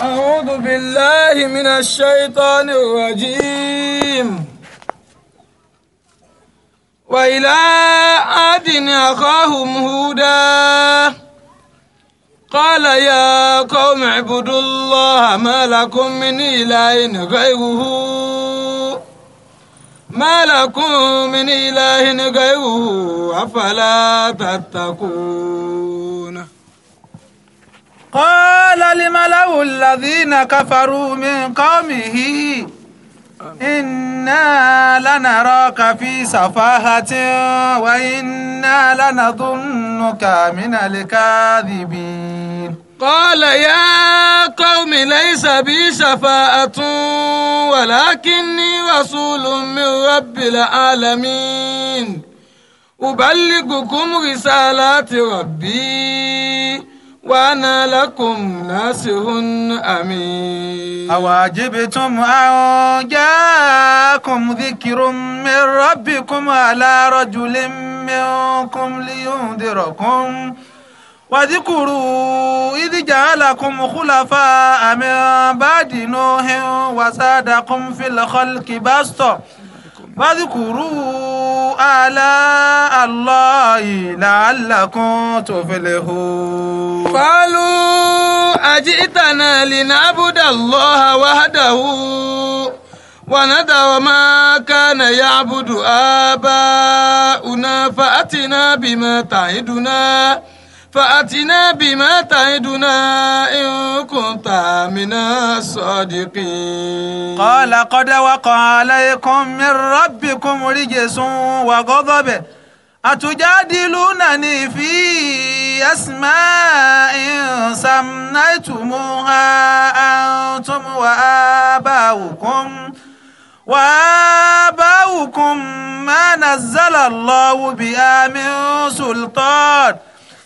أعوذ بالله من الشيطان الرجيم وإلى عاد أخاهم هودا قال يا قوم اعبدوا الله ما لكم من إله غيره ما لكم من إله غيره أفلا تتقون قال الملأ الذين كفروا من قومه إنا لنراك في سفاهة وإنا لنظنك من الكاذبين قال يا قوم ليس بي شفاءة ولكني رسول من رب العالمين أبلغكم رسالات ربي وأنا لكم ناصح أمين أواجبتم أن جاءكم ذكر من ربكم على رجل منكم لينذركم واذكروا إذ جعلكم خلفاء من بعد نوح وزادكم في الخلق بسطة fásitìkùrú àlá àlọ́ọ̀hì làálàkún tó fẹ́lẹ̀ hó. kọlu àjí ìtànà lìnà abúdà lọ́ha wàhádàhù wànádàwọ̀ máa kánà yá abúdù àbá una fàátìnà bímọ tàìdùnà. فأتنا بما تعدنا إن كنت من الصادقين قال قد وقع عليكم من ربكم رجس وغضب أتجادلونني في أسماء سميتموها أنتم وآباؤكم وآباؤكم ما نزل الله بها من سلطان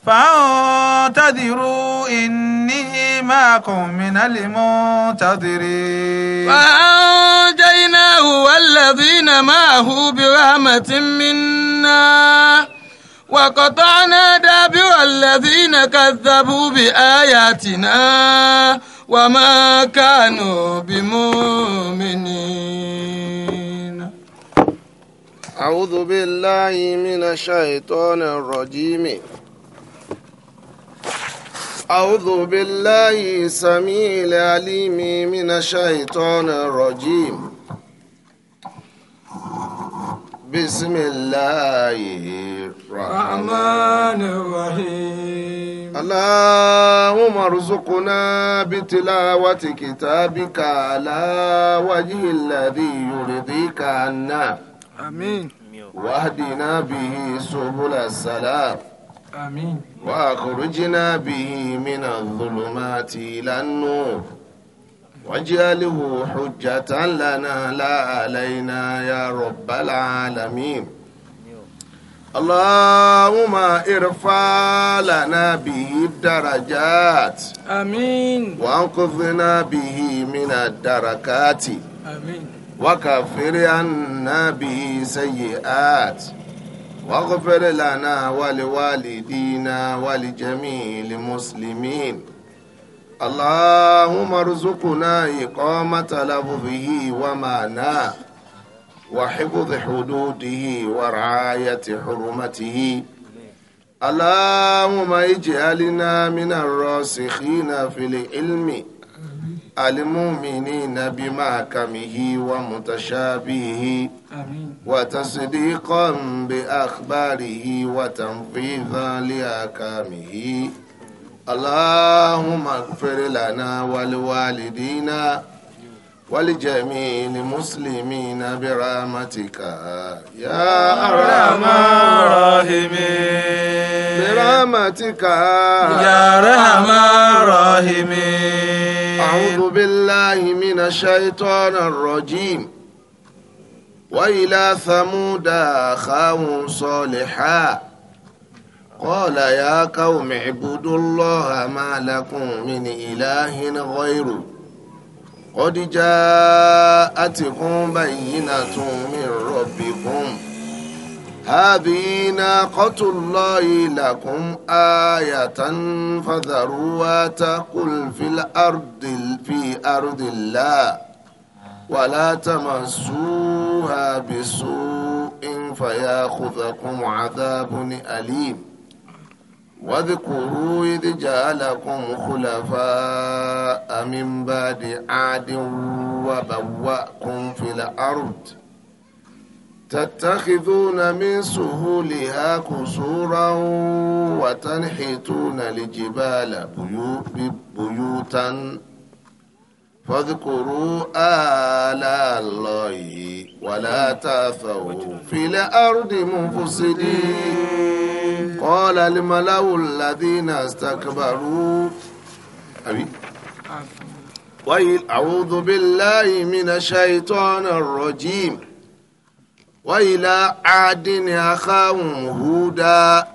فانتظروا إني معكم من المنتظرين فأنجيناه والذين معه برحمة منا وقطعنا دابر الذين كذبوا بآياتنا وما كانوا بمؤمنين أعوذ بالله من الشيطان الرجيم أعوذ بالله سميع العليم من الشيطان الرجيم بسم الله الرحمن الرحيم اللهم ارزقنا بتلاوة كتابك على وجه الذي يرضيك عنا آمين واهدنا به سبل السلام آمين وأخرجنا به من الظلمات إلى النور واجعله حجة لنا لا علينا يا رب العالمين اللهم ارفع لنا به الدرجات امين وانقذنا به من الدركات امين وكفر عنا به سيئات واغفر لنا ولوالدينا ولجميع المسلمين اللهم ارزقنا إقامة لفظه ومعناه وحفظ حدوده ورعاية حرمته اللهم اجعلنا من الراسخين في العلم المؤمنين بمحكمه ومتشابهه وتصديقا بأخباره وتنفيذا لأحكامه اللهم اغفر لنا ولوالدينا ولجميع المسلمين برحمتك يا أرحم الراحمين برحمتك يا أرحم الراحمين أعوذ بالله من الشيطان الرجيم وإلى ثمود أخاهم صالحا قال يا قوم اعبدوا الله ما لكم من إله غيره قد جاءتكم بينة من ربكم هذه ناقة الله لكم آية فذروها تقل في الأرض في أرض الله ولا تمسوها بسوء فياخذكم عذاب أليم واذكروا إذ جعلكم خلفاء من بعد عاد وبوأكم في الأرض تتخذون من سهولها قصورا وتنحتون الجبال بيوتا فاذكروا آلاء الله ولا تأثوا في الأرض مفسدين قال الملأ الذين استكبروا أعوذ بالله من الشيطان الرجيم وإلى عاد أخاهم هودا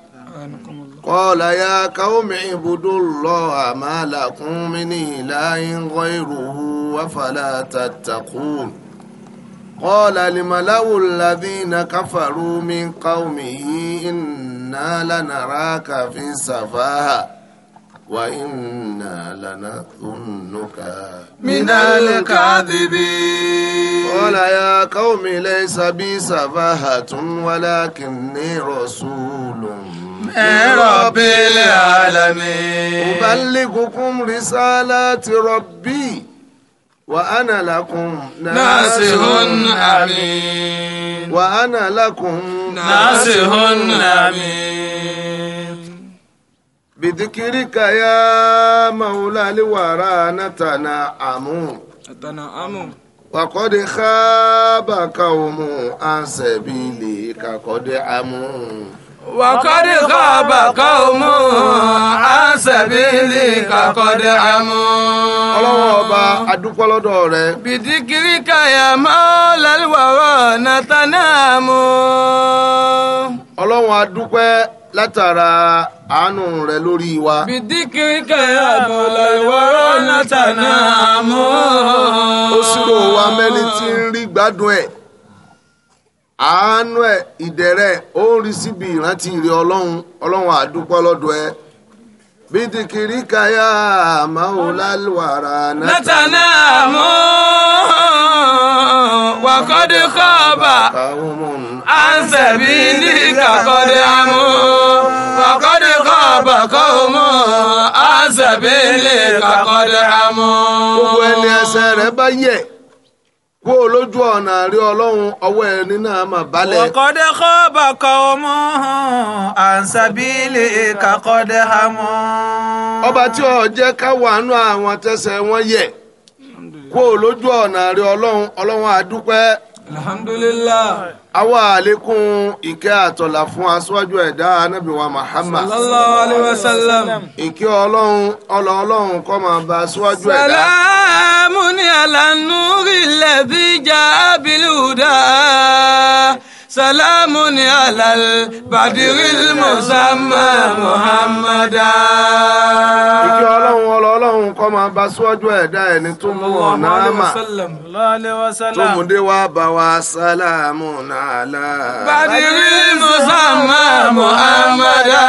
قال يا قوم اعبدوا الله ما لكم من إله غيره وفلا تتقون قال الملأ الذين كفروا من قومه إنا لنراك في سفاهة وإنا لنظنك من الكاذبين قال يا قوم ليس بي سفاهة ولكني رسول من رب العالمين أبلغكم رسالات ربي وأنا لكم ناصح أمين وأنا لكم ناصح أمين bìdíkìríkà yá màwúlá àlewàrà nàtànà àmú. nàtànà àmú. wàkọ́dé kábà káwọ́mù ànsẹ̀bìlì kàkọ́dé àmú. wàkọ́dé kábà káwọ́mù ànsẹ̀bìlì kàkọ́dé àmú. ọlọ́wọ́ ọba adúpọ̀ lọ́dọ̀ rẹ. bìdíkìríkà yá màwúlá àlewàrà nàtànà àmú. ọlọ́wọ́ adúpẹ́. látara àánú rẹ̀ lórí wa. bìdíkìrì kẹyà bọlá ìwọrọ látàná àmọ. ó wa tí ń rí gbádùn ẹ̀ àánú ìdẹ̀rẹ̀ ó rí síbi ìrántí ọlọ́run ọlọ́run àdúpọ̀ وقد خاب عن سبيلك قد عموا وقد خاب قوم عن سبيلك قد عموا. gbogbo ẹni ẹsẹ̀ kó ọ̀nà àrí ọlọ́run ọwọ́ ẹni náà mà balẹ̀. wọ́kọ́dẹ́ kọ́ bàkọ́ ọmọ àǹsàbílẹ̀ kàkọ́dẹ́ ọba tí jẹ́ àwọn kó o lójú ọ̀nà rẹ ọlọ́run ọlọ́run àdúpẹ́. alhamdulilah. àwa àlékún ìkẹ́ àtọ̀là fún aṣáájú ẹ̀dá wa muhammad. sallallahu alayhi wa sallam. ìkẹ́ ọlọ́run ọlọ́ ọlọ́run kó máa bá aṣáájú ẹ̀dá. sàlámù ni àlànúrì lẹ́bí jà bílùdà. سلام على البدر المسمى محمدا ọlọ́run kọ́ máa bá síwájú ẹ̀dá ẹni tó mú ọ̀nà àmà tó mú dé wá bá wa sálámù nàlá. bàdìrí musamma muhammadu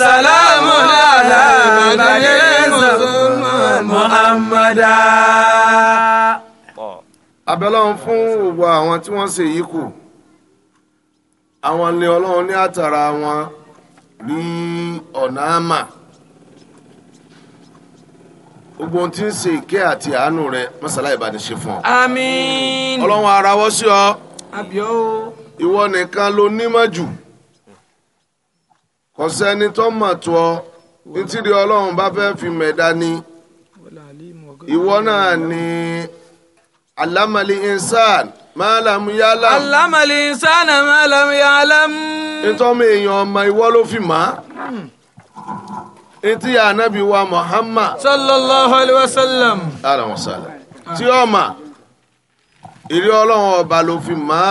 sálámù nàlá bàdìrí musamma muhammadu. abẹ́lọ́run fún gbogbo àwọn tí wọ́n ṣe yìí kù àwọn ni ọlọ́run ní àtàrà wọn ní ọ̀nà àmà gbogbo ohun tí ń ṣe ìkẹ́ àti àánú rẹ mọ́sálá ìbánisẹ́ fún ọ. àmín. ọlọ́run arawọ́ sí ọ. àbíọ́ ìwọ nìkan ló nímọ̀ jù kò sẹ́ni tó mọ̀ tó ọ nítorí ọlọ́run bá fẹ́ fi mẹ̀dá ni ìwọ náà ni alámàlì insan máàlámù yálà. alámàlì insan máàlámù yálà. nítorí ọmọ èèyàn ọmọ ìwọ ló fi mọ́ etí anabi wa muhammad. sallallahu alayhi wa sallam. alayhi wa sallam. tí ó mà ìrí ọlọ́run ọba ló fi mọ́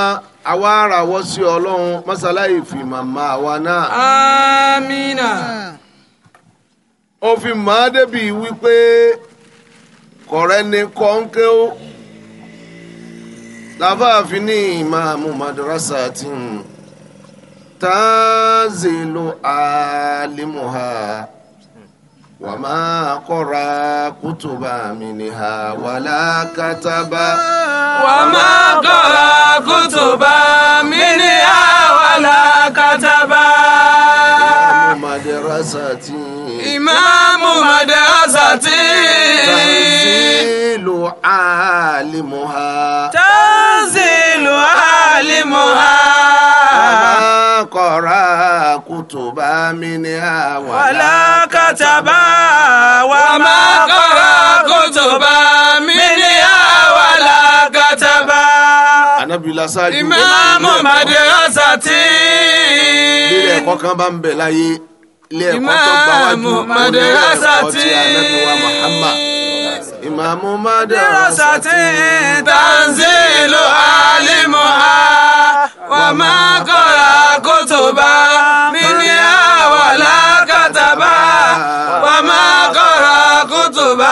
àwa arawọ́ sí ọlọ́run mọ́sálàyé fi màmá wa náà. amina. ó fi mọ́ débi wípé kọ̀rẹ́ ni kọ́ńkẹ́ ó láfààfin ní ìmáàmù madrasa tí ń tààzìlù àlìmùhà. وما قرأ كتبا منها ولا كتبا وما قرأ كتبا منها ولا كتبا إمام مدرستي إمام مدرستي تنزيل عالمها kọ́ra kùtùbà mi ní àwàlá. wàlá kàtàbà wà má kọ́ra kùtùbà mi ní àwàlá kàtàbà. anábìlá sáájú. ìmáàmù madrasa tí. ilé ẹ̀kọ́ kan bá ń bẹ̀ láyé ilé ẹ̀kọ́ tó gbà wájú ilé ẹ̀kọ́ tí anábìwá Muhammad. ìmáàmù madrasa tí. tanzilu a wà má kọ́ra kó tó bá mi ní àwà lákàtà bá wà má kọ́ra kó tó bá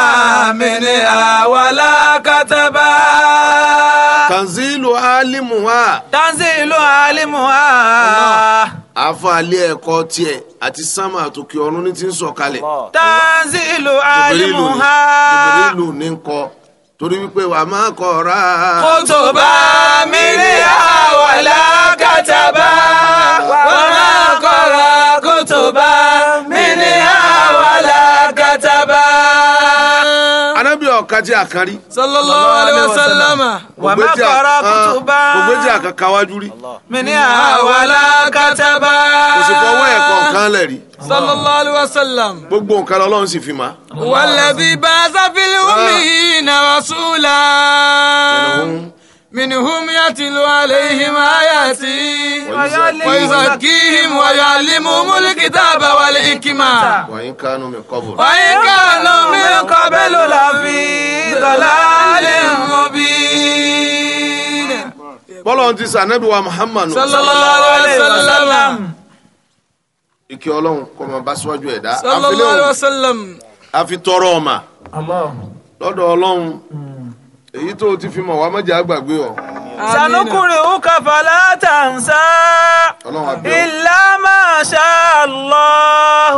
mi ní àwà lákàtà bá. tanzilu alimuha. tanzilu alimuha. àfọ alẹ́ ẹ̀kọ́ tiẹ̀ àti sámà àtòkè ọ̀run ní ti ń sọ̀kalẹ̀. tanzilu alimuha. jìbìrìlù ní ń kọ torí wípé wà má kọ̀ra. kó tó bá mi ní àwàlá kàtàbá wà má kọ̀ra kó tó bá mi ní àwàlá kàtàbá. anábì ọ̀ka jẹ́ àkárí. sallallahu alaihi wasallam wà má kọ̀ra kó tó bá. kò gbéjì àkàkáwájú rí. mi ní àwàlá kàtàbá. kò sì fọwọ́ ẹ̀kọ́ kan lẹ̀ rí. sallallahu alaihi wasallam. gbogbo nǹkan lọ́lọ́run sì fi máa. wàlẹ̀ bíi bá a sáfìlì. سبعين رسولا منهم يتلو عليهم آياتي ويزكيهم ويعلمهم الكتاب والحكمة وإن كانوا من قبل وإن كانوا من قبل لفي ضلال مبين bọ́lọ́n ti sànẹ́bí wa muhammadu sallallahu alayhi wa sallam ike ọlọ́run kọ́ ma bá síwájú ẹ̀dá sallallahu alayhi wa sallam a fi tọrọ ọ̀ma lọ́dọ̀ ọlọ́run èyí tó ti fi mọ̀ wá má jẹ́ àgbàgbé ọ. sanukuri uka falata nsa illa ma sha Allah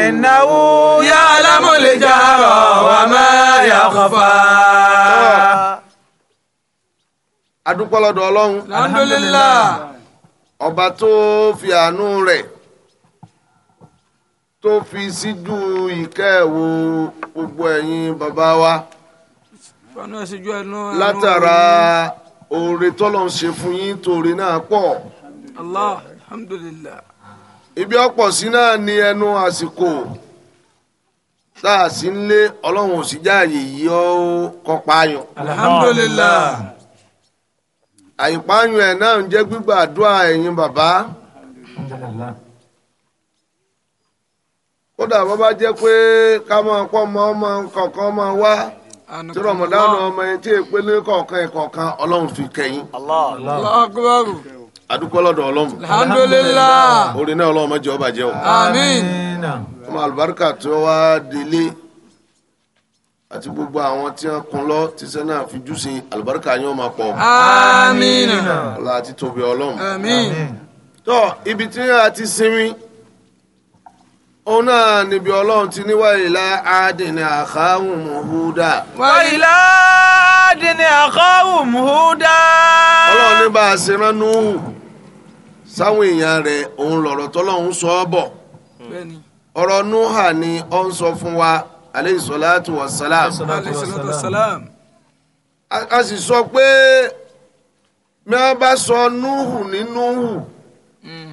innahu ya'lamul jahra wa ma yakhfa. adúpọ̀ lọ́dọ̀ ọlọ́run. alhamdulillah ọba tó fi àánú rẹ̀. tó fi síjú ìkẹ́ẹ̀wò gbogbo ẹ̀yin bàbá wa látara oore tọ́lọ̀ ń ṣe fún yín torí náà pọ̀. ibi ọ̀pọ̀ sí náà ni ẹnu àsìkò tá a sì ń lé ọlọ́run ò sì jáàyè yìí ó kọpa ayọ̀. alhamdulillah. naa ẹ̀ náà ń jẹ́ gbígbàdúrà kódà bó bá jẹ́ pé ká máa kọ́ ọmọ ọmọ kọ̀ọ̀kan máa wá tí rọmọdánù ọmọ yẹn tí èpè ní kọ̀ọ̀kan ẹ̀kọ̀ọ̀kan ọlọ́run fi kẹ́yìn. adúpẹ́ lọ́dọ̀ ọlọ́run. alhamdulilah. orin náà ọlọ́run mẹ́jọ bàjẹ́ o. àmín. ọmọ àlùbáríkà tí wọ́n wá délé àti gbogbo àwọn tí wọ́n kun lọ tí sẹ́ náà fi jù sí àlùbáríkà yẹn máa pọ̀. àmín. ọlá àti tóbi ọlọ́run. àmín. tọ́ ibi tí a ti sinmi. ona náà níbi ọlọ́run ti ní wàyílá àdìní àkáhùn mùhúdà. wàyílá àdìní àkáhùn mùhúdà. ọlọ́run ní bá a ṣe rán Núhù sáwọn èèyàn rẹ̀ òun lọ̀rọ̀ tọ́lọ́run sọ ọ́ bọ̀ ọ̀rọ̀ ni ó ń sọ fún wa aleyhi wa salam. a sì sọ pé mi a bá sọ Núhù ní hmm.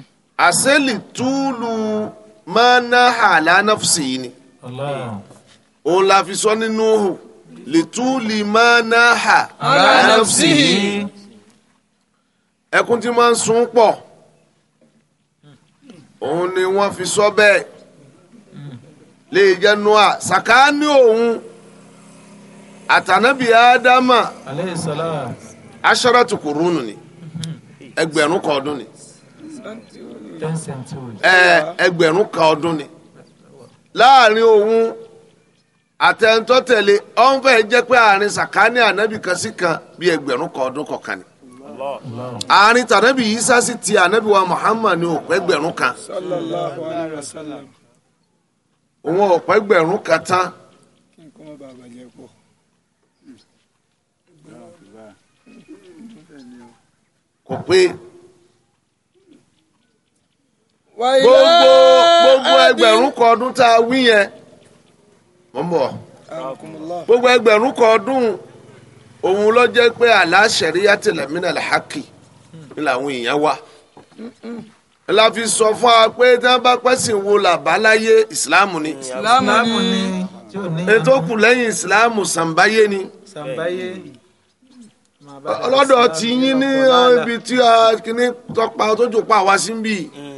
máa ná àlá nafsi yìí ni òun la fi sọ nínú hù lìtúlì máa ná àlá nafsi yìí ẹkún tí máa ń sun pọ̀ òun ni wọ́n fi sọ bẹ́ẹ̀ lè jẹ́ noa sàkáání òun àtànábì ádámà alayhi kurunu ni ẹgbẹ̀rún kan ni. ẹgbẹ̀rún kan ọdún ni láàrin òun àtẹnutọ́ tẹ̀lé ọ̀n fẹ́ jẹ́ pé àárín sàkáání ànábì kan sí kan bí ẹgbẹ̀rún kan ọdún kọ̀ọ̀kan ni àárín tànábì Ìsá sí ti ànábì wa Muhammad ní òpẹ́ ẹgbẹ̀rún kan òun ọ̀pẹ́ ẹgbẹ̀rún kan tán. kò pé. gbogbo gbogbo ẹgbẹ̀rún kan ọdún tá a wí yẹn mọ̀ mọ̀ gbogbo ẹgbẹ̀rún kan ọdún òun ló jẹ́ pé aláṣẹ̀ríyá tẹ̀lẹ̀mínà làákì ni làwọn èèyàn wà la fi sọ fún wa pé tí wọ́n bá pẹ́sìn wo làbáláyé ìsìláàmù ni ìsìláàmù ni ètò kù lẹ́yìn ìsìláàmù sàǹbáyé ni ọlọ́dọ̀ tí yín ní ibi tí a kìíní tọpa tó jòpá wá sí ń bì í. Mm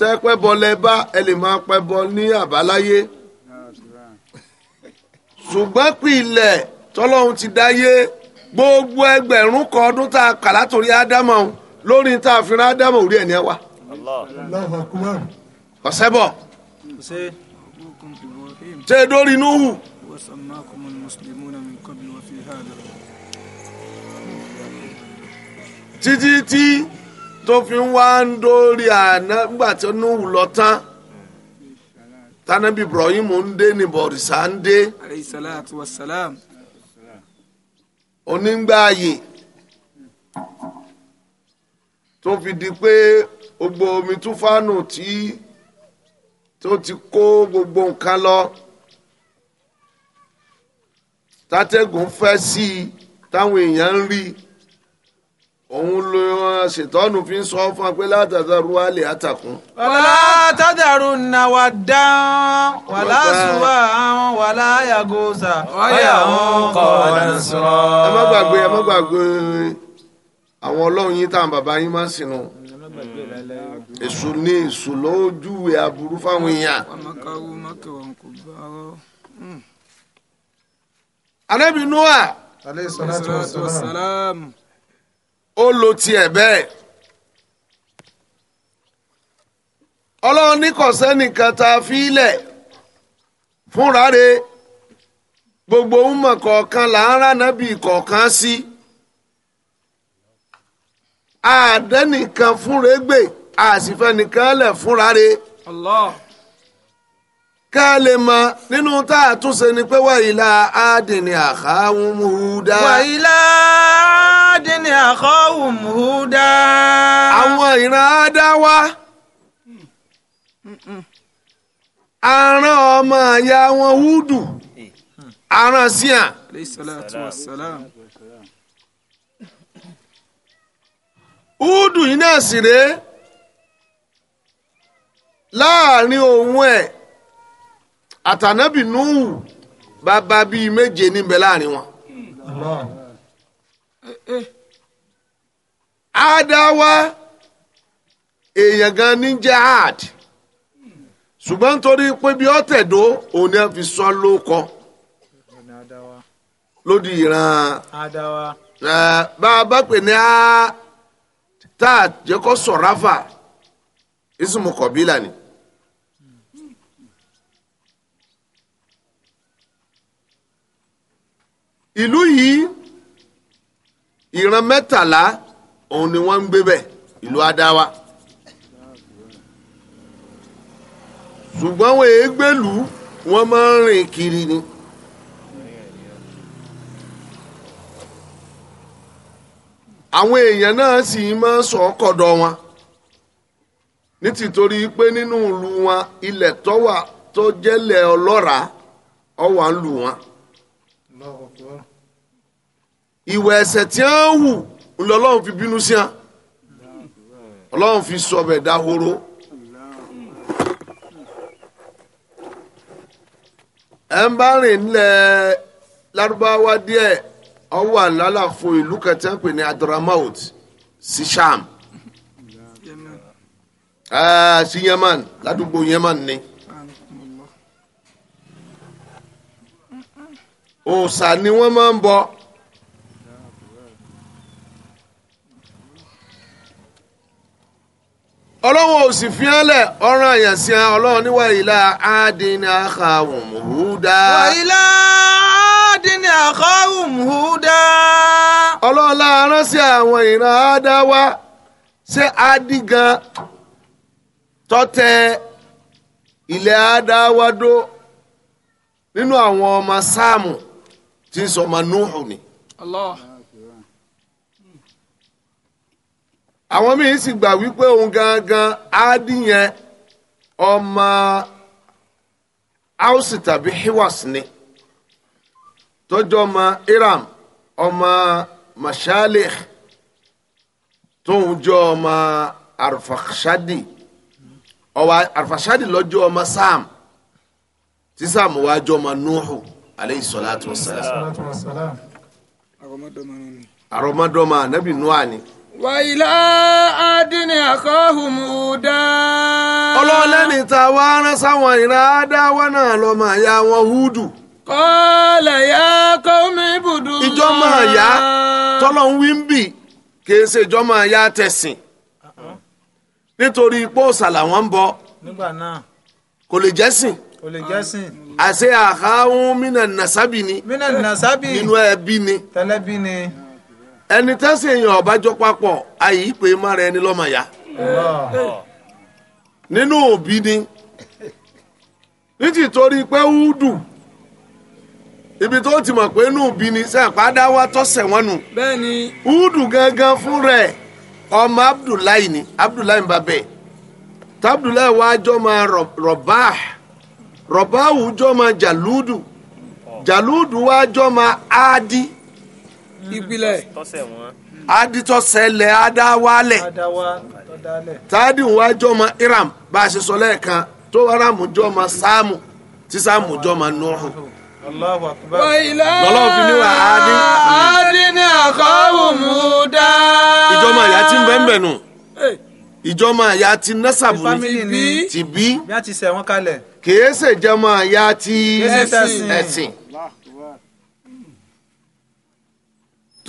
tẹ́ pẹ́ bọ lẹ bá ẹ lè máa pẹ́ bọ ní àbáláyé ṣùgbọ́n pilẹ̀ tọ́lọ́hun ti dáyé gbogbo ẹgbẹ̀rún kan ọdún tá a kà látòrí ádámọ̀ lórí tá a fira ádámọ̀ orí ẹ̀ ní ọ̀sẹ̀ bọ̀ tẹ́ dórí núhù. títí tí. tó fi ń wá ń dórí àná nígbà tí ó ní wùlọ tán tanabi Ibrahim ń dé ní bọ̀rìṣà ń dé alayhi salatu onígbààyè tó fi di pé gbogbo omi túfánù tí tó ti kó gbogbo nǹkan lọ tátẹ́gùn fẹ́ sí i táwọn èèyàn ń rí i. òun ló ṣètọ́nù fi ń sọ fún wa pé látàdàrú wa àtàkùn. wàlá tàdàrú nà wà dán wàlá sùwà àwọn wàlá yàgòsà wáyà àwọn kọ̀ọ̀dà sọ̀rọ̀. ẹ má gbàgbé ẹ má gbàgbé àwọn ọlọ́run yín táwọn bàbá yín máa ń sìn nù. èṣù ni ló júwe aburú fáwọn èèyàn. anábì noah. aleyhi salatu wa salam. ó lo tiẹ̀ bẹ́ẹ̀ ọlọ́run ní kọ̀sẹ́nìkan tá a fi gbogbo ọmọ kọ̀ọ̀kan là ń rán nábì kọ̀ọ̀kan sí àdẹ́nìkan fúnra gbè àsìfẹ́nìkan lẹ̀ fúnra re. Allah. ká lè mọ nínú tá a tún ṣe ni pé wàyílá àdìní àkáhùn húdá. wàyílá àdìní àkáhùn húdá. àwọn ìran ádáwá aràn ọmọ àyà wọn húdù aràn síà. húdù yìí náà sì rèé láàrin òun ẹ̀. àtànábì nùhù bàbá bíi méje níbẹ̀ láàrin wọn. àdáwà èèyàn gan ní jẹ́ àd ṣùgbọ́n nítorí pé bí ọ̀tẹ̀dó òun ni a fi sọ lóko lódì ìran bá a bá pè ní a tá a jẹ́ kó sọ̀ráfà ismu kọ̀bílà ni. ìlú yìí ìran mẹ́tàlá òun ni wọ́n ń gbé bẹ̀ ìlú adáwa ṣùgbọ́n wọn èégbèlú wọ́n máa ń rìn kiri ni. àwọn èèyàn náà sì máa ń sọ ọkọdọ wọn nítìtorí pé nínú ìlú wọn ilẹ̀ tó tó jẹ́lẹ̀ ọlọ́ràá ọ̀wà ń lù wọn. ìwà ẹ̀ṣẹ̀ tí wọ́n hù lọ́lọ́run fi bínú sí wọn ọlọ́run fi sọ ọbẹ̀ dahoro. ẹ ń bá rìn nílẹ̀ lárúbáwá díẹ̀ ọ wà lálàfo ìlú kẹtẹ́ pè ní adramaut sí sham sí yemen ládùúgbò yemen ni. o sa ni wọ́n máa ń bọ. ọlọ́wọ́n ò sì fiánlẹ̀ ọ̀ràn àyàn sí i ọlọ́wọ́n níwà ìlà àádínní àkàwùm húdà. wà ìlà àádínní àkàwùm húdà. ọlọ́wọ́n láàárọ̀ sí àwọn ìran àádáwá ṣé àdìgan tọ́tẹ ilẹ̀ àádáwá dó nínú àwọn ọmọ sáàmù tí ń sọ ọmọ núhù ni. Allah àwọn míì sì gbà wípé òun gangan áádì yẹn ọmọ áùsì tàbí hiwas ni tọjọ ọmọ iram ọmọ mashalih tóun jọ ọmọ arfakshadi ọwọ arfakshadi lọjọ ọmọ sam tí sam wàá jọ ọmọ nuhu aleyhi salatu wa salam. àrọmọdọ́mọ anabi nuhu ni wàyílá àdínní àkọ́hùn múdà. ọlọ́lẹ́ni tá a wá rán sáwọn ìran ádáwá náà lọ́mọ ya. wọn húdù. kọ́lẹ̀ yá kọ́mi ibùdó. ìjọ́mọ àyà tọ́lọ̀ ń wí ń bì kì í ṣe ìjọ́mọ àyà tẹ̀sìn nítorí pọ́ọ̀sà làwọn ń bọ kò lè jẹ́sìn kò lè jẹ́sìn àṣẹ àháhùn mínà nàṣàbì ni mínà nàṣàbì nínú ẹbí ni tẹ́lẹ̀bí ni. ẹni tẹ́sí èèyàn ọ̀bájọ́ papọ̀ ayé ìpè mára ẹni lọ́mọ ya nínú òbí ni nítìtorí pé húdù ibi tó ti mọ̀ pé inú òbí ni sẹ́ẹ̀pádà wa tọ́sẹ̀ wọn nù húdù gangan fún rẹ̀ ọmọ abdullahi ni abdullahi babẹ tabdullahi wa jọmọ rọbá rọbáwù jọmọ jàlúdù jàlúdù wa jọmọ áádì. Mhm. ìpìlẹ̀ aditọ́sẹ̀lẹ̀ adáwálẹ̀ tádì ń wájọ ọmọ iram bá a ṣe sọ lẹ́ẹ̀kan tó iram jọ ọmọ sáàmù tí sáàmù jọ ọmọ nùhùn. lọ́lọ́run fi ni wà á dín. àdínní àkọ́wò mú dá. ìjọba ìyá tí ń bẹ́ẹ̀ nù ìjọba ìyá ti násàbù ní ti bí. bí ti sẹ̀ wọ́n kalẹ̀. kì í ìyá ti ẹ̀sìn.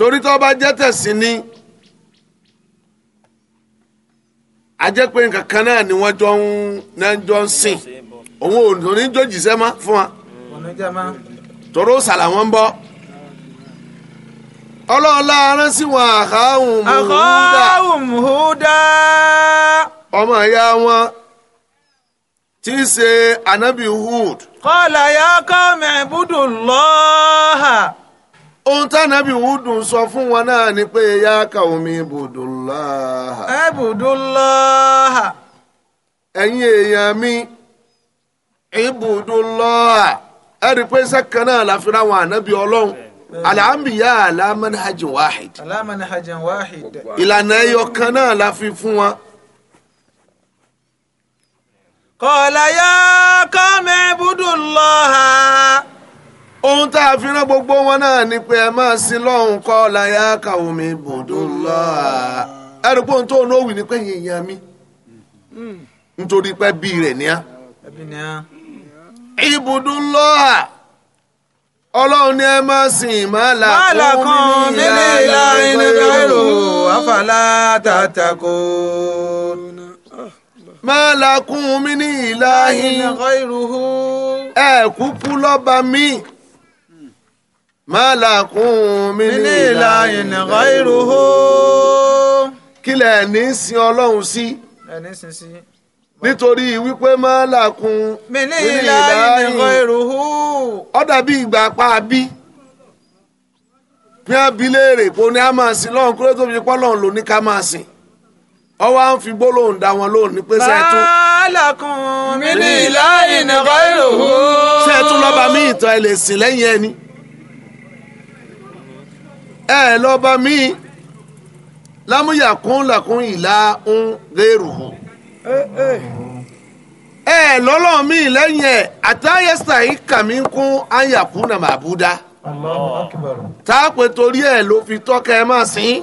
torí tó bá jẹ́ tẹ̀sí ni ajẹ́ pé náà ni wọ́n jọ ń jọ ń sìn òun ò ní jó jìṣẹ́ mọ́ fún wa tòró sàlàwọ́n bọ́ ọlọ́ọ̀lá aránsí wọn àháhùn mùhúdà ọmọ ìyá wọn tí í ṣe anabi Hud. kọ́lá ohun tánàbí wúdùn sọ fún wọn náà ni pé yá kàwọmi ibùdóláhà. ibùdóláhà. ẹ̀yin èèyàn mi ibùdóláhà ẹ rí i pé sẹ́kàn náà la fi ráwọn ànábì ọlọ́run alhambiya alamanhajin wahid. alamanhajin wahid. ìlànà ẹyọ kan náà la fi fún wọn. kọ̀ọ̀lá yá kọ́ mi ibùdóláhà. ohun tá a fi rán gbogbo wọn náà ni pé ẹ máa sin lọ́hùn kọ́ láyà kàwọ́mi bòdó lọ. pé ohun ni pé yìnyín nítorí pé bí rẹ̀ ní á. ibùdó ọlọ́run ni ẹ máa sìn ìmọ̀lá kan nílé ìlà inú àfàlà tàtàkó. mi ní ìlà yìí lọ́ba mi. ma lakum min ilahin ghayruhu. kílẹ̀ ní sin ọlọ́run sí. nítorí wípé ma lakum min ilahin ghayruhu. ó dàbí ìgbà pa àbí bí wọ́n bi léèrè kó ní a máa sin lọ́run kúrò tó fi pọ́ lọ́run lò ní ká máa sìn ọwọ́ à ń fi gbólóhùn dá wọn lóhùn ní pé sẹ́ẹ̀tún. báàlàkùn mi ní ìlà ìnàkọ́ ìròhùn. sẹ́ẹ̀tún lọ́ba mi ìtàn ẹ̀ lè sìn lẹ́yìn ẹni ẹ lọ bá mi lámúyàkún làkún ìlà ń rèrò ẹ lọ́lọ́ mi lẹ́yìn ẹ̀ àtàyẹ̀sà yìí kàmí kún àyàkún nà màbúdá tá a pè torí ẹ̀ ló fi tọ́ka ẹ máa sìn.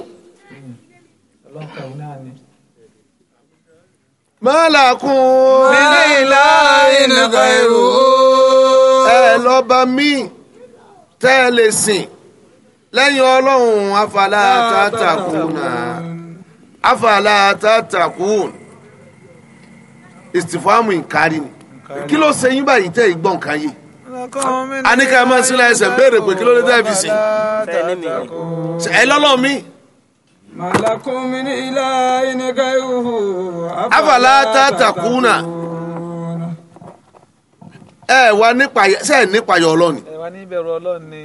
mọ́làkún nílé ìlà ìnàkà èrò ẹ lọ bá mi tẹ́ ẹ lè sìn. lẹ́yìn ọlọ́run afala tatakuna afala tatakun istifamu nkari ni kí ló ṣe yín báyìí tẹ́ ìgbọ́n nǹkan yìí anika máa ń sílẹ̀ ẹsẹ̀ béèrè pé kí ló dé tẹ́ fi sí ẹ lọ́lọ́ mi. afala tatakuna ẹ wà nípa yọ ọlọ́ni. ẹ wà níbẹ̀rù ọlọ́ni.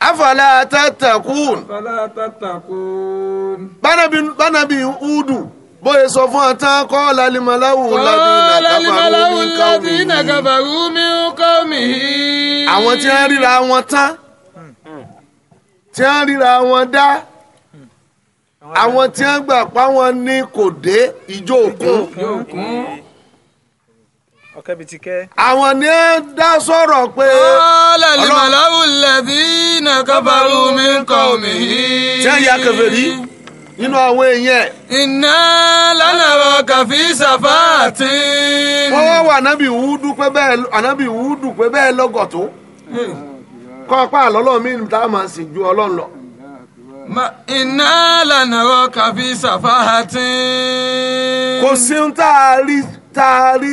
afala tatakun. afala tatakun. bánabi bánabi udu bóyá sọ fún ọtán kọ́ lálìmọ́láwù ládìí nàgàbàrú mi kọ́ mi. àwọn tí wọ́n ríra wọn tán tí wọ́n ríra wọn dá àwọn tí wọ́n gbà pa wọn ní kò dé ìjó ọ̀kẹ́ bíi ti kẹ́. àwọn ni ó dá sọ̀rọ̀ pé. ọlọ́ọ̀lì màláwù lẹ́bí iná kábàrú mi ń kọ́ mi. ṣé ìyá kẹfẹ́rí nínú àwọn èèyàn. iná lánàá wọ kàfí sàfáàtì. wọ́n wá wà ànábì wúdú pé bẹ́ẹ̀ ànábì wúdú pé bẹ́ẹ̀ lọ́gọ̀ tó. kọ́ apá àlọ́lọ́ mi tá a máa sìn ju ọlọ́run lọ. iná lánàá wọ kàfí sàfáàtì. kò sí ń tá a rí tá a rí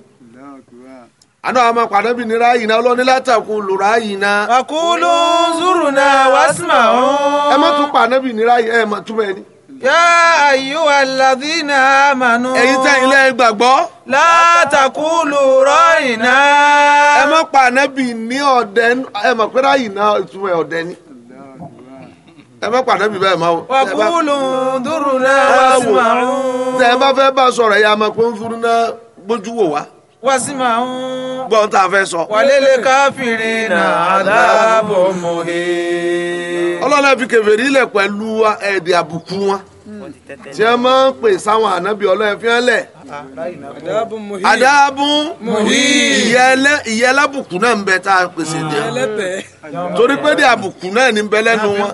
àná àwọn ọmọ ànábì ní ráàyè náà ọlọ́ni látàkùn lò ráàyè zuru náà wàásùmá òun. ẹ má tún pa ànábì ní ráàyè ẹ má túmọ̀ ẹni. yá àyíwá làdínà àmànú. èyí tẹ ilé gbàgbọ́. látàkùn lò ráàyè ẹ má pa ànábì ní ọ̀dẹ ẹ má pé ráàyè náà ìtumọ̀ ọ̀dẹ ni ẹ bá pàdé mi bẹ́ẹ̀ máa. wàkúlù dúró náà wàásùmá òun. tẹ ẹ bá fẹ́ bá sọ̀rọ̀ ẹ̀ yà máa pé ń furu náà gbójú wò wá. wásímà ń. gbọ́n n a sọ. wàlélẹ̀ káfíìrì náà dáàbò mọ̀hẹ́. ọlọ́lá fi kèfèrí lẹ̀ pẹ̀lú ẹ̀dẹ̀ àbùkù wọn tí a máa ń pè sáwọn ànábì ọlọ́yẹ fi hàn lẹ̀. àdáàbò mọ̀hẹ́. ìyẹ́ alábùkù náà ń bẹ tá a pèsè dẹ̀. torí pé dẹ̀ àbùkù náà ní bẹ lẹ́nu wọn.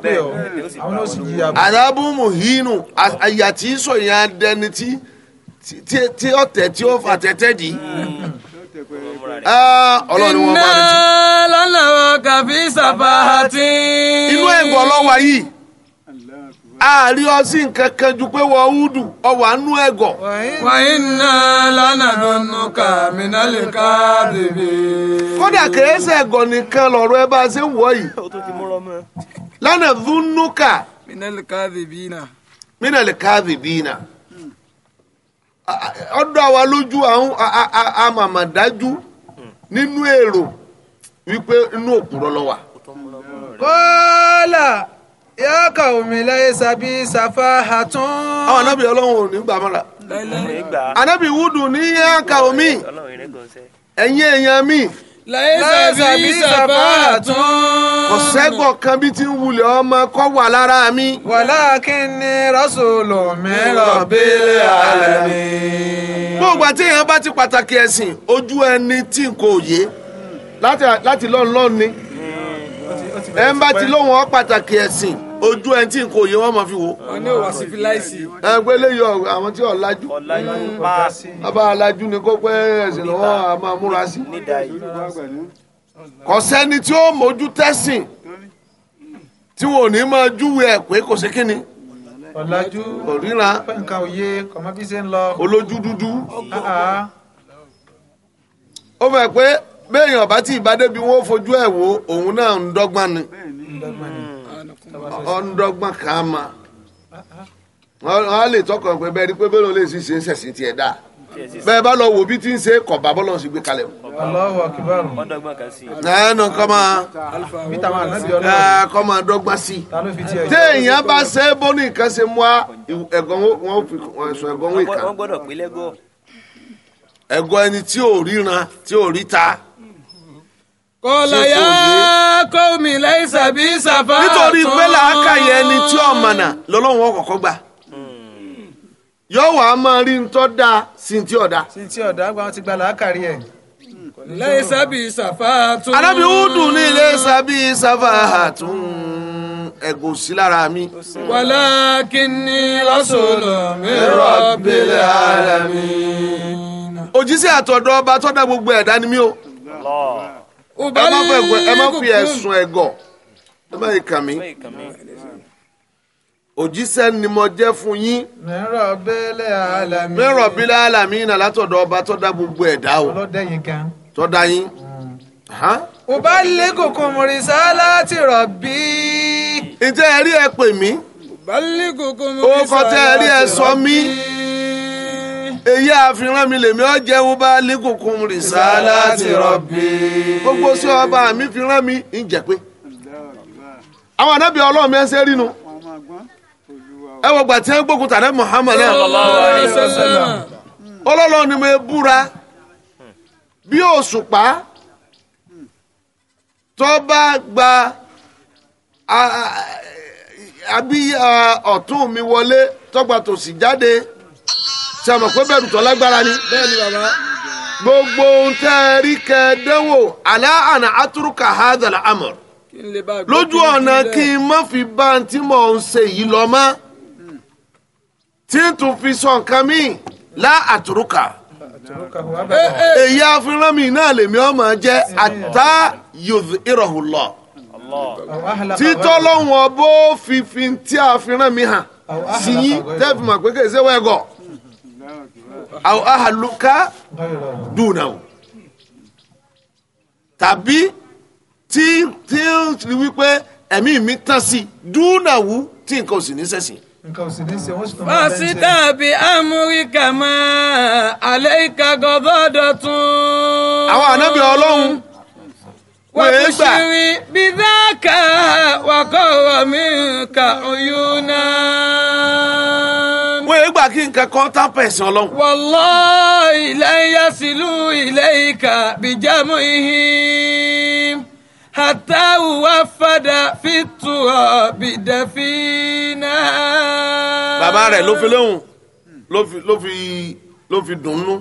tí ọ̀tẹ̀ tí ó fà tẹ́tẹ́ dì hmm. ah, ọlọ́run wọn bá rẹ ti. iná lọ́nà kàfí sàfàhàtì. inú ẹ̀gbọ́n lọ́wọ́ yìí àárí ọsí nǹkan kan ju pé wọ́n húdù ọwà nú ẹ̀gọ́. wàyí ná lánàá lọ́nà kàmínà lè ká bèbè. kódà kèrèsè ẹ̀gọ́ nìkan lọ̀rọ̀ ẹ bá ṣe ń wọ̀ yìí. lánàá dúnúkà. mínà lè ká bèbí náà. mínà lè ká bèbí náà ọ̀dọ̀ àwa lójú àwọn amàmàdájú nínú èrò wípé inú òkúrọ lọ wà. kọ́lá yóò kà omi lẹ́yìn sábì sáfà àtún. àwọn anábì ọlọ́run ò ní gbà mọ́ra. anábì wúdù ní yá kà omi ẹ̀yin èèyàn mi láìsà bí sábà tún. ọ̀sẹ́gbọ̀n kan bí ti ń wulẹ̀ ọmọ kọ́ wà lára mi. wàlákínní rọ́sùlù mi rọ̀bìlì alamin. gbogbo àti èèyàn bá ti pàtàkì ẹ̀sìn ojú ẹni tí kò yé láti lọ́nlọ́ni hmm. ẹ̀ ń bá ti lóhùn ọ́ pàtàkì ẹ̀sìn ojú ẹni tí nǹkan òye wọn máa fi wò. wọn ní òwà sífíláìsì. ẹ pé léyìí àwọn tí ọ̀làjú. ọ̀làjú máa sí. bàbá alájú ni kó pẹ́ ẹ̀sìn lọ́wọ́ a máa múra sí. kò sẹ́ni tí ó mójú tẹ́sìn tí wọn ò ní máa júwe ẹ̀ pé kò sí kínni. ọ̀làjú òríran nǹkan òye kọ̀mọ́ bí ṣe ń lọ. olójú dúdú. ó mọ̀ pé béèyàn bá ti ìbádé bí wọ́n fojú ẹ̀ wo òun náà ń ń dọ́gbọ́n ni. ọ̀ndọ́gbọ́n kan ma wọ́n lè ha pé bẹ́ẹ̀ ni pé bẹ́ẹ̀ ló lè ṣe ń ṣẹ̀sìn tiẹ̀ dáa bẹ́ẹ̀ bá lọ wò bí tí ń ṣe kọ̀ bá bọ́lọ̀ sí gbé kalẹ̀ o. Allahu Akbar. ẹnu kọ́ máa kọ́ máa dọ́gba sí i. téèyàn bá ṣe é bó ní nǹkan ṣe mú a ẹ̀gàn wọn fi sọ ẹ̀gàn wọn ìka. wọ́n ẹni tí ò ríran tí ò ríta. kọ́lá yá mi lẹ́sà bí sàfà tó. nítorí pé làákà yẹn ni tí ọ̀mọ̀nà lọ́lọ́run ọ̀kọ̀ọ̀kọ̀ gbà hmm. yóò wá máa rí ntọ́ da sí ti ọ̀dà. sí ti ọ̀dà gba làákàrí ẹ̀. lẹ́sà bí sàfà tó. alábi wúdù ní lẹ́sà bí sàfà tó ẹ̀gùn sí lára mi. walakinni rasulun òjíṣẹ́ ọba tọ́da gbogbo ẹ̀dá ni ẹ má fẹ́ ẹ má fi ẹ̀sùn ẹ̀gọ̀ ẹ má yìí kàn mí òjíṣẹ́ ni mo jẹ́ fún yín. mẹ́rọ̀ bílẹ̀ alàmì. mẹ́rọ̀ bílẹ̀ alàmì iná látọ̀dọ̀ ọba tó gbogbo ẹ̀dá o. ọlọ́dẹ yìí gan. tó dá yín. ọba lè kòkò mùrìsà láti rọ̀ bí. ǹjẹ́ ẹ rí ẹ pè mí. ọba lè kòkò mùrìsà láti rọ̀ bí. ó kọ́ ẹ rí ẹ sọ mí. èyí àfihàn mi lèmi ọ jẹun bá lẹ́kùnkùn rìsà láti rọ̀bì. gbogbo sí ọba mi fi rán mi ń jẹ àwọn anábì ọlọ́run mi ẹ ṣe rínu. ẹ wọ gbà ẹ gbógun tàdé bí òṣùpá tó bá gba àbí ọ̀tún mi gba jáde. ṣe mọ̀ pé bẹ̀rù tó lágbára ni. bẹ́ẹ̀ni bàbá. gbogbo ohun tẹ́ ẹ rí kẹ́ẹ́dẹ́wò alẹ́ àná àtúrúkà hadal amọ̀ lójú ọ̀nà kí n má fi bá ń tí mò ń ṣe yìí lọ mọ́ tí n tún fi sọ nǹkan míì lá àtúrúkà eh, eh. èyí àfihànmi náà lèmi ọmọ jẹ́ àtá yòòdù ìrọ̀hùlọ títọ́ lọ́wọ́n bó fífi tí àfihànmi hàn sí yín tẹ́fì mọ̀ pé kèsè wẹ́gọ̀ọ́. aw ahaluka dunahu tàbí tí tí ó ti wípé ẹ̀mí mi tán sí dúnàwú tí nǹkan ò sì ní sẹ̀sìn. nǹkan ò sì ní sẹ̀ wọ́n sì tán bíi amúríkà máa alẹ́ ìka gọ́bọ́dọ̀ tún. àwọn ànábì ọlọ́run èyí gbà kí nǹkan kan tán pẹ̀sìn ọlọ́run. wallahi lan yasilu ilayka bijam'ihim hatta wafada fi turabi dafina. bàbá rẹ̀ ló fi léhùn ló fi ló fi dùnnú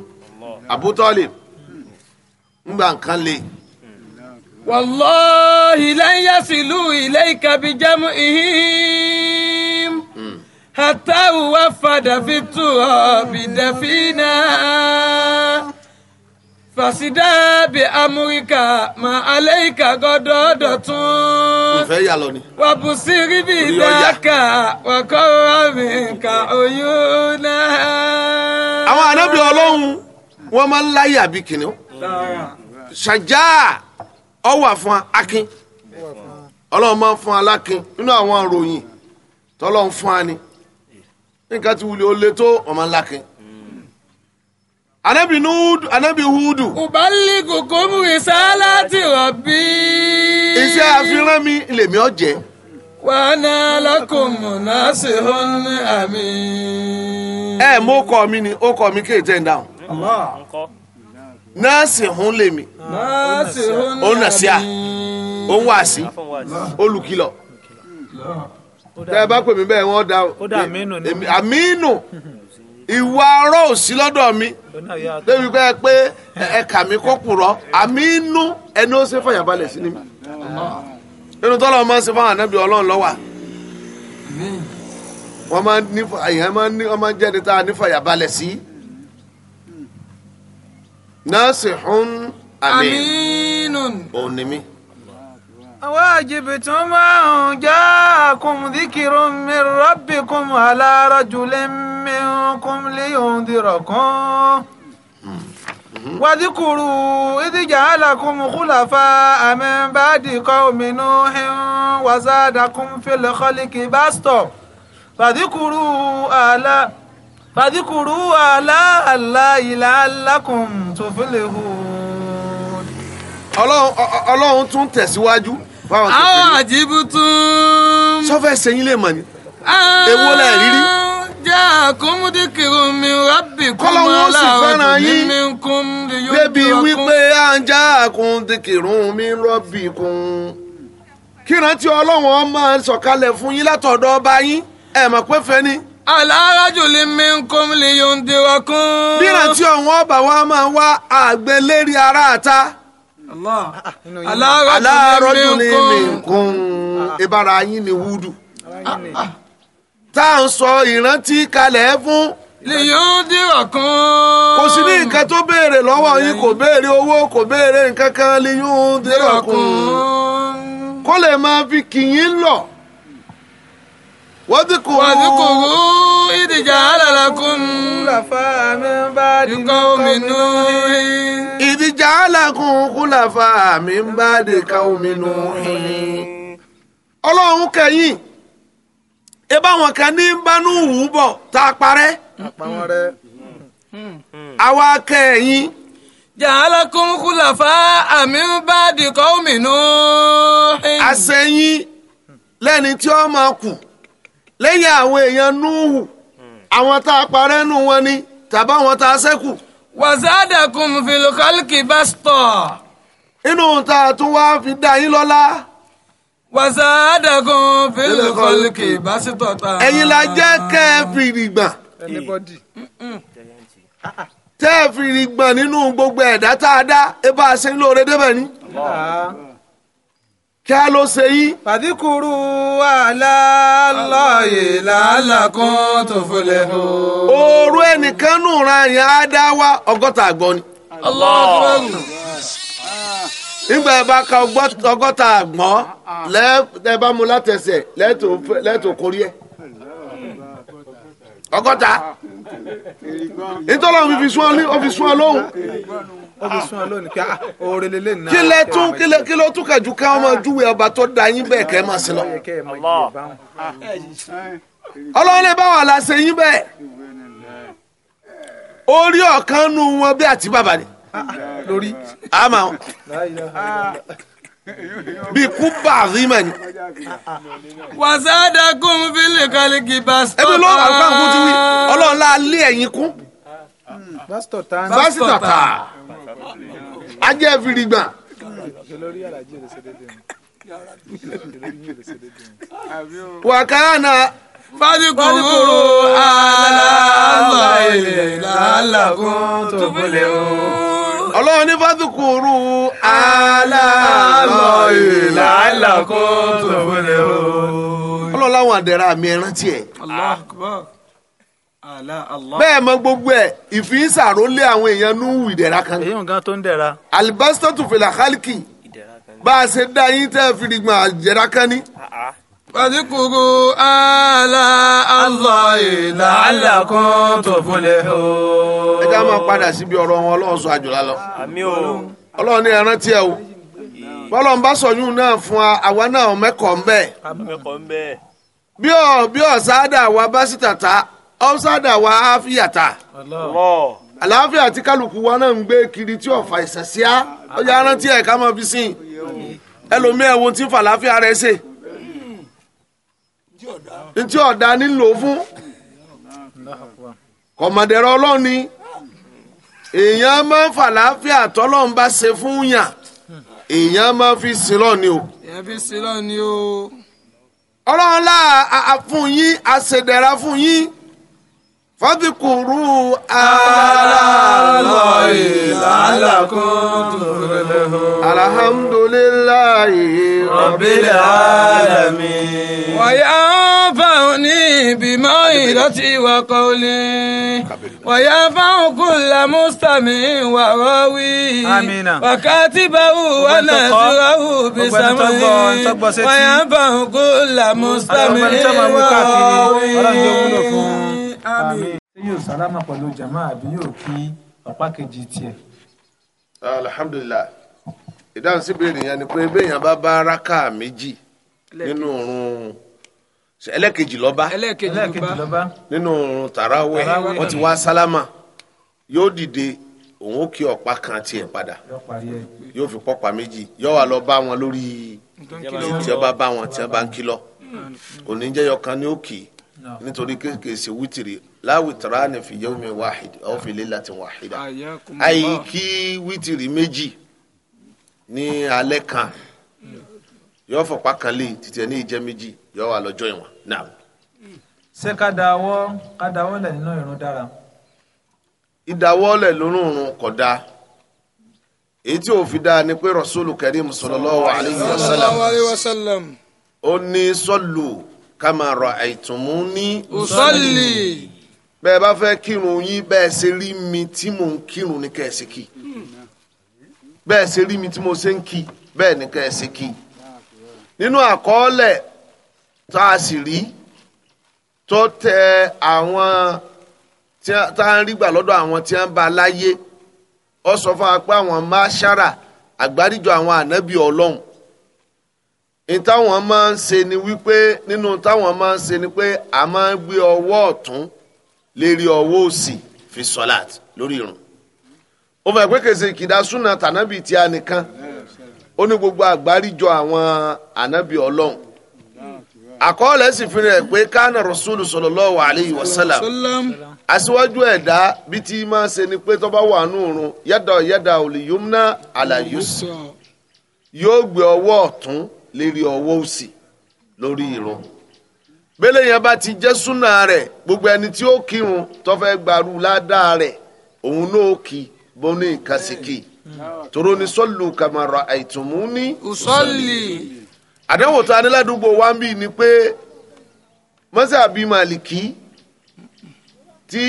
Abu Talib ńgbà nǹkan lè. wallahi lan yasilu ilayka bijam'ihim. حتى وفد في التراب fasida fàṣídà bí ma aleika àlẹ́yìká gọ́dọ̀ dọ̀tún. ìfẹ́ yà lọ ni. wà bù sí ríbi ìdáka wà kọ́ra mi ka oyún náà. àwọn ànábì ọlọ́run wọ́n máa ń láyà bí kìnìún. ṣàjá ọ fún akin ọlọ́run máa ń fún alákin nínú àwọn àròyìn tọ́lọ́run fún ani nǹkan ti wuli ó le tó ọmọ ńlá kan anabi nuudu anabi hudu. ubali kukumu risalati rabbi. iṣẹ́ àfihàn mi lèmi ọ̀jẹ̀. wàhánà alákòmù náà ṣe hàn ní àmì. ẹ mo kọ mi ni ó kọ mi kéè ten down. nọ́ọ̀sì hun lèmi. nọ́ọ̀sì hun o àmì. si. nàṣíà tẹ́ ẹ bá pè mí bẹ́ẹ̀ wọ́n da o ìwà ọ̀rọ̀ ò sí mi débi pé pé ẹ̀ka mi kò purọ́ àmínú ẹni ó ṣe fàyàbalẹ̀ sí ni mi nínú tọ́lọ́ máa ń ṣe fáwọn ànábì ọlọ́run lọ́wà wọ́n máa ń ní àyàn máa ń ní ọmọ jẹ́ tá a ní fàyàbalẹ̀ sí nasihun àmín òun ni mi. واجبتم أن جاءكم ذكر من ربكم على رجل منكم لينذركم واذكروا إذ جعلكم خلفاء من بعد قوم نوح وزادكم في الخلق بسطة فاذكروا آلاء فاذكروا آلاء الله لعلكم تفلحون ọlọ́run tún tẹ̀síwájú. àwọn àjíbù tún. sọfẹ̀ sẹ́yìn lè mọ̀ ni. èwo lẹ̀ rírí. jẹ́ àkómúdìkìrù mi rábì kún mọ́ aláàrọ̀ ní mi kún mi yóò dúró kún. débi wípé à ń já àkómúdìkìrù mi rábì kún. kírántí ọlọ́run ọmọ sọ̀kalẹ̀ fún yín látọ̀dọ̀ ọba yín ẹ̀ mọ̀ pé fẹ́ ni alárajùlí mi ń kó lè yọ̀ǹde wa kún. bí ìrántí ọ̀hún ọba wa máa ń wá àgbẹ̀lérí ara àta aláàrọ́jù ni nǹkan ìbára yín ni wúdù ah, ah. tá à ń sọ ìrántí kalẹ̀ fún. lè yóò dìrọ̀ kan. kò sí ní nǹkan tó béèrè lọ́wọ́ yín kò béèrè owó kò béèrè nǹkan kan lè yóò dìrọ̀ kan. kó lè máa fi kìyìn lọ wadukuru idija alalakun lafa mi ba di nkan mi nuri. ja'alakum khulafa ka omi qaumi Nuhin. ọlọ́run kẹyìn ebá wọn kan ní bánú wù bọ̀ tá a parẹ́. àwa kẹyìn. ja'alakum khulafa min ka qaumi Nuhin. àṣẹyìn lẹ́ni tí ó máa kù lẹ́yìn àwọn èèyàn àwọn tá a parẹ́ nù wọn ni tàbá wọn tá a wàzádàkùn fìlùkọ́lùkì bàstọ̀. inú ta tún wá fi dá yín lọ́lá. wàzádàkùn fìlùkọ́lùkì bàstọ̀ ta. ẹ̀yin la jẹ́ kẹ́ ẹ fi ìrìgbà. tẹ́ ẹ fi ìrìgbà nínú gbogbo ẹ̀dá tá a dá ẹ bá a ṣe ń lóore débẹ̀ ni. Ah. kí a ló ṣe yí. fàdíkùrú aláàlọ́yè làálàkún tó ooru ẹnìkan nù yẹn á dá wá ọgọ́ta àgbọn ni. nígbà ẹ bá ka ọgọ́ta àgbọn lẹ́ẹ̀ bá mu látẹsẹ̀ lẹ́ẹ̀tò kórí ẹ̀ ọgọ́ta nítorí ọ̀fíìsì lóhùn. ó fi sún ọ lónìí pé ah, oore lè lè nà. kí lẹ tún kí lẹ kí lọ tún kàjú ká ọmọ júwe ọba tó da yín bẹ́ẹ̀ kẹ́ ẹ máa sí lọ. Ah. ọlọ́run lè bá wà láṣẹ yín bẹ́ẹ̀ orí ọ̀kan nu wọn bí àti bàbá ni ah, lórí àmà wọn bí kú bá rí mà ní. wàsádà kún fílẹ̀ kálí kí bá sọ́ọ́. ebi ló wà fún àwọn kútu wí ọlọ́run la lé ẹ̀yìn kún. pásítọ̀ ta. pásítọ̀ na ajẹ́ fìrìgbà. ala ala alama ilalakun tubule o. ọlọ́run ní ala alama ilalakun tubule o. ọlọ́run láwọn àdẹ̀rà mi ẹ̀ rántí ẹ̀. Allahu Akbar. bẹ́ẹ̀ mọ gbogbo ẹ̀ ìfínsàrólé àwọn èèyàn ní ìdẹ̀ra kan. èyí nǹkan tó ń dẹ̀ra. alibasita tufela halki bá a ṣe dá yín tẹ́ fìdígbọ̀n àjẹrà kan ní. fàdíkùrú àlà àlọ́ ìlà àlàkùn tó fúnlẹ̀ o. ẹ ká máa padà síbi ọ̀rọ̀ wọn ọlọ́run sọ àjùlá lọ. àmì o. ọlọ́run ní ẹran tí o. bọ́lọ̀ ń bá sọ̀yún náà fún àwa náà mẹ́kọ̀ọ́ ń bẹ́ẹ̀. bí ọ̀ bí ọ̀ sáádà wa bá sì tàta ọ̀sádà wa áfíyàtà àlàáfíà tí kálukú wa náà ń gbé kiri tí ọ̀fà ìṣẹ̀ṣíá ọjà arántí ẹ̀ ká máa fi sìn ẹlòmíì ẹ̀wọ̀n tí fàlàáfíà rẹ̀ ṣe ntí ọ̀dà nílò fún kọ̀mọ̀dẹ̀rọ̀ ọlọ́run ni èèyàn máa ń fàlàáfíà tọ́lọ́run bá ṣe fún yàn èèyàn máa fi sílọ̀ ni o. èèyàn fi sílọ̀ fún yín àṣẹdẹ̀ra fún yín fadukuru alalayi lalakuntunlehu. alhamdulilayi rabbil alamin. wàyà fáwọnì bímọ ìdọ̀tí wa kọ́lé wàyà fáwọn kùlà mùsàmì wà rọ́wì wákàtí báwù wà nàìjíríàwù bísàmì wàyà fáwọn kùlà mùsàmì wà rọ́wì àmín. ṣé yóò jama àbí yóò kí ọ̀pá kejì tiẹ̀. alhamdulilah ìdáhùn sí ìbéèrè yẹn ni pé béèyàn bá bá rákà méjì nínú òrùn ẹlẹ́kejì lọ́ba ẹlẹ́kejì lọ́ba nínú òrùn tàràwẹ̀ wọ́n ti wá sálámà yóò dìde òun ó kí ọ̀pá kan tiẹ̀ padà yóò fi pọ́pá méjì yóò wá lọ bá wọn lórí tí ọba bá wọn tí ọba ń kí lọ òní jẹ́yọ kan ní òkè nítorí kéèké ṣe wítìrì láwùtara ni fi yawmi wahid aw fi lailatin wahida àyè kí wítìrì méjì ní alẹ́ kan yóò fọpá kan lé títí ẹni ìjẹ méjì yóò wà lọ́jọ́ ìwọ̀n náà. ṣé ká dáwọ́ ká dáwọ́ lẹ̀ nínú ìrun dára. ìdáwọ́ lẹ̀ lónú ìrun kò dáa èyí tí ò fi dáa ni pé rasulu karim sallallahu alayhi wa sallam ó ní sọ́lù kama ra'aytumuni usalli. bẹ́ẹ̀ bá fẹ́ kírun yín bẹ́ẹ̀ ṣe rí mi tí mò ń kírun ní kẹ́ẹ̀sì kì bẹ́ẹ̀ ṣe rí mi tí mo ṣe ń kì bẹ́ẹ̀ ní kẹ́ẹ̀sì kì nínú àkọọ́lẹ̀ tá a sì rí tó tẹ àwọn tá a ń rí gbà lọ́dọ̀ àwọn tí wọ́n bá láyé ó sọ fún wa pé àwọn máṣára àgbáríjọ àwọn ànábì ọlọ́run ní táwọn máa ń ṣe ni wípé nínú táwọn máa ń ṣe ni pé a máa ń gbé ọwọ́ ọ̀tún lérí ọwọ́ òsì fi sọ́láàt lórí irun ó fẹ́ pé kèsì ìkìdá tànábì tí a nìkan ó ní gbogbo àgbáríjọ àwọn ànábì ọlọ́run àkọọ́lẹ̀ sì fi rẹ̀ pé kánà rasúlù sallallahu alayhi wa sallam aṣíwájú ẹ̀dá bí tí máa ṣe ni pé tó bá wà nù òrun yàdà yàdà òlì yumna àlàyé yóò gbé ọwọ́ ọ̀tún lérí ọwọ́ òsì lórí ìrun bẹ́lẹ̀ yẹn bá ti jẹ́ súnà rẹ̀ gbogbo ẹni tí ó kírun tó fẹ́ gbarú ládàá rẹ̀ òun náà kì bó ní kásìkì tòró ni sọ́ọ̀lù kàmàrà àìtùmú ní. ùsọ́ọ̀lì. àdéhùn tó aniládùúgbò wa ń bì ni pé mọ́sàbí màlìkì tí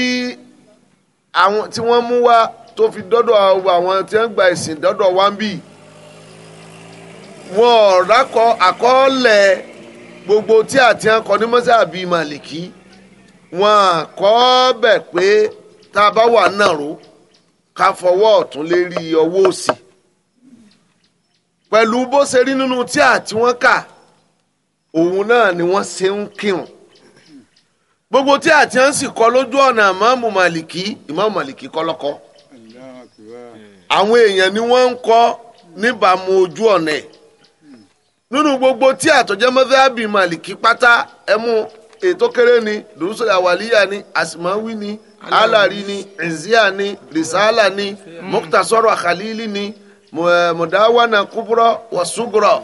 tí wọ́n mú wá tó fi dọ́dọ̀ àwọn tí wọ́n gba ìsìn dọ́dọ̀ wa ń bì. wọn ọ̀rá rákọ àkọọ́lẹ̀ gbogbo tí àti ẹnkọ ní mọ́sáàbí màlìkí wọn àkọ́ pé tá a bá wà náà ró ká fọwọ́ ọ̀tún rí ọwọ́ òsì pẹ̀lú bó ṣe rí nínú tí àti wọn kà òun náà ni wọ́n ṣe ń kírun gbogbo tí àti wọn sì kọ lójú ọ̀nà màlìkí màlìkí kọ́lọ́kọ́ àwọn èèyàn ni wọ́n ń nínú gbogbo tí àtọ̀jẹ́ mọ́sáàbì màlìkì pátá ẹ̀mú ètò kéré ni lùsùlẹ̀ àwàlíyà ni àsìmáwí ni alari ni ẹ̀nzíà ni rìsálà ni mọ́kútàsọ́rọ̀ àkàlílì ni mọ̀dáwánà kúbúrọ̀ wọ̀ṣúgùrọ̀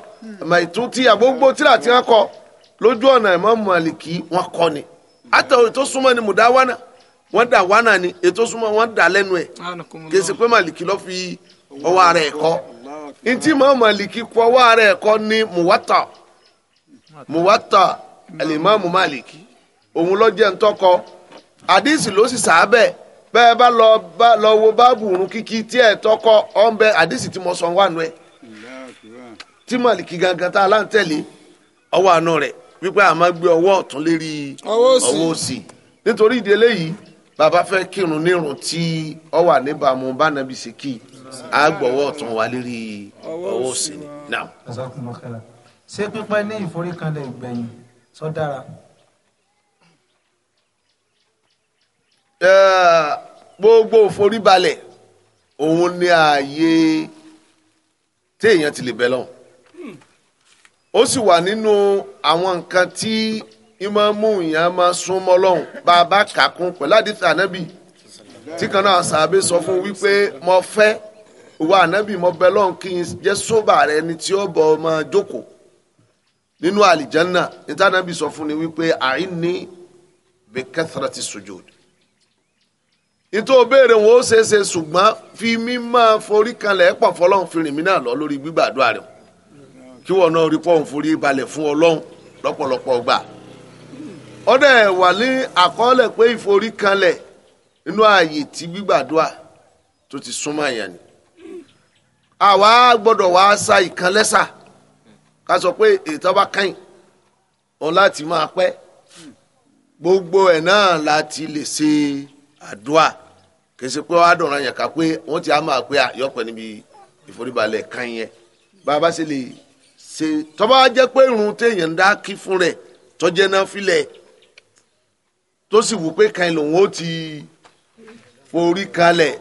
màìtútì àgbógbó tíra tí wọ́n kọ lójú ọ̀nà Imam màlìkì wọ́n kọ ni àtàwọn ètò súnmọ́ ni mọ̀dáwánà wọ́n dà wánà ni ètò súnmọ́ wọ́n dà lẹ́nu ẹ̀ kèsì pé màlìkì lọ́ fi ọwọ́ ara ẹ̀ kọ́. ntí Imam Maliki kọ́ wá rẹ̀ ni ní Muwatta Muwatta Maliki òun ló jẹ́ ntọ́kọ àdìsí ló si sàábẹ̀ bẹ́ẹ̀ bá lọ bá wo báàbù kíkí tọ́kọ ọ̀nbẹ àdìsí tí mo sọ wà Maliki gangan wípé a gbé òsì á gbọ́wọ́ ọ̀tún wa lérí ọwọ́ òsì ni. ṣé pípẹ́ ní ìforíkanlẹ̀ ìgbẹ̀yìn sọ dára. gbogbo ìforíbalẹ̀ òun ni ààyè téèyàn ti lè bẹ lọ́wọ́ ó sì wà nínú àwọn nǹkan tí ìmọ̀ọ́mù yẹn máa súnmọ́ lọ́hùn bàbá kàkún pẹ̀lú àdìsí ànábì tí kan náà sàbẹ̀ sọ fún wípé mo fẹ́ ìwà ànábì mọ bẹ lọ́n kí n jẹ́ sóbà rẹ ni tí ó bọ̀ ọmọ jókòó nínú àlìjánná níta ànábì sọ fún ni wípé àìní bí kẹsàrà ti sujud nítorí o béèrè wọn ó ṣe é ṣe ṣùgbọ́n fi mí máa forí kanlẹ̀ pọ̀ fọlọ́run fi rìn mí náà lọ lórí gbígbàdúrà rẹ̀ kí wọn náà rí pọ́ùn forí balẹ̀ fún ọlọ́run lọ́pọ̀lọpọ̀ gbà ó dẹ̀ wà ní àkọọ́lẹ̀ pé ìforí kanlẹ̀ nínú ààyè tí gbígbàdúrà tó ti súnmọ́ àyàn ni àwa gbọ́dọ̀ wá sa ìkan lẹ́sà ká sọ pé ètò ọba kàn òun láti máa pẹ́ gbogbo ẹ̀ náà láti lè ṣe àdúrà kì í ṣe pé wàá dọ̀ràn yẹn ká pé wọ́n ti á máa pé àyọ̀pẹ̀ níbi ìforíbalẹ̀ kan yẹn bá a ṣe lè ṣe tọ́ba jẹ́ pé irun téèyàn dá kí fún rẹ̀ tọ́jẹ́ náà filẹ̀ tó sì wù pé kan lòun ó ti forí kalẹ̀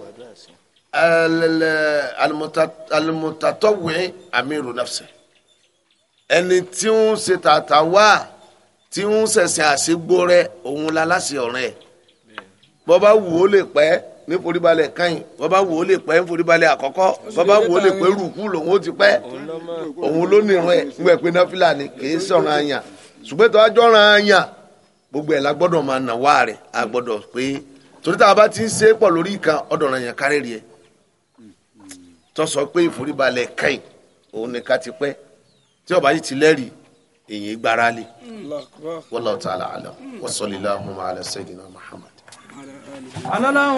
alimutatọwẹ amiru nafsẹ ẹni tí ń ṣe tata wá tí ń ṣẹ̀ṣẹ̀ àṣegbó rẹ òun la láṣẹ ọ̀rẹ́ bọ́bá wù ó lè pẹ́ ní foríbalẹ̀ kan bọ́bá wò ó lè pẹ́ ní foríbalẹ̀ àkọ́kọ́ bọ́bá wò ó lè pẹ́ rúkú lòun ó ti pẹ́ òun ló ní ìran ẹ̀ pé náfìlà ni kìí sọ̀ràn àyàn ṣùgbọ́n tó ajọ́ràn àyàn gbogbo ẹ̀ la gbọ́dọ̀ máa nà wá rẹ̀ a gbọ́dọ̀ pé torí tá a bá ti ń ṣe é pọ̀ lórí ìkan ọ̀dọ̀ràn yẹn kárẹ́rì tó sọ pé ìforíbalẹ̀ kẹ́yìn òun ni ká ti pẹ́ tí ọba yìí ti lẹ́rìí èyí gbára lé wallahu ta'ala alam wa sallallahu ala sayyidina Muhammad.